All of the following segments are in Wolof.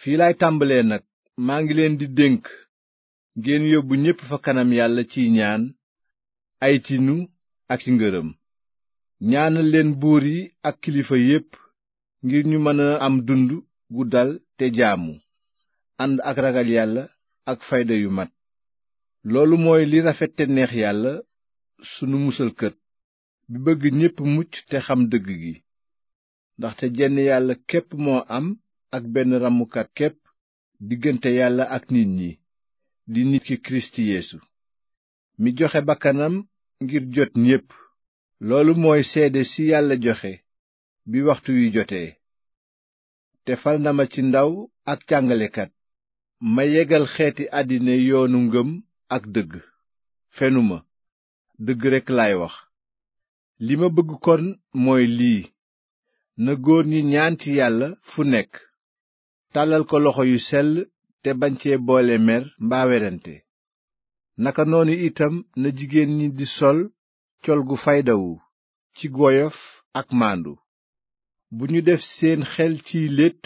fii laay tàmbalee nag maa ngi leen di dénk ngeen yóbbu ñépp fa kanam yàlla ciy ñaan ay ak ci ngërëm ñaanal leen buur yi ak kilifa yépp ngir ñu mën a am dund gu dal te jaamu ànd ak ragal yàlla ak fayda yu mat loolu mooy li rafet te neex yàlla sunu musalkat bi bëgg ñépp mucc te xam dëgg gi ndaxte jenn yàlla képp moo am ak benn rammukat képp diggante yàlla ak nit ñi di nit ki kirist yeesu mi joxe bakkanam ngir jot ñépp loolu mooy seede ci yàlla joxe bi waxtu wi jotee te fal na ma ci ndaw ak jàngalekat ma yegal xeeti àddina yoonu ngëm ak dëgg fenuma dëgg rekk laay wax li ma bëgg kon mooy lii na góor ñi ñaan ci yàlla fu nekk tàllal ko loxo yu sell te bañ cee boole mer mbaa werante naka noonu itam na jigéen ñi di sol col gu faydawu ci goyof ak maandu bu ñu def seen xel ciy létt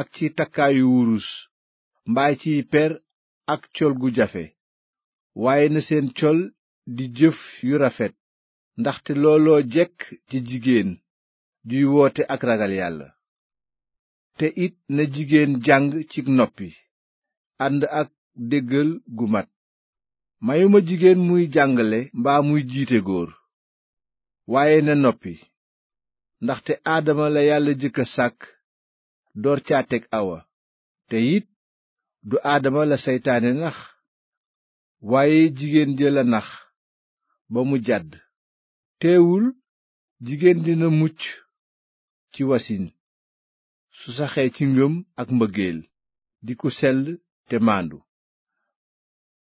ak ci takkaayu wurus mbaay ciy per ak col gu jafe waaye na seen col di jëf yu rafet ndaxte looloo jekk ci jigéen juy woote ak ragal yàlla te it na jigéen jàng ci noppi ànd ak déggal gu mat mayuma jigéen muy jàngale mbaa muy jiite góor waaye na noppi ndaxte aadama la yàlla jëkka sàkk door caa awa te it du aadama la seytaane nax waaye jigéen ja la nax ba mu jàdd teewul jigéen dina mucc ci wasin su saxee ci ngëm ak mbëggeel di ku sell te maandu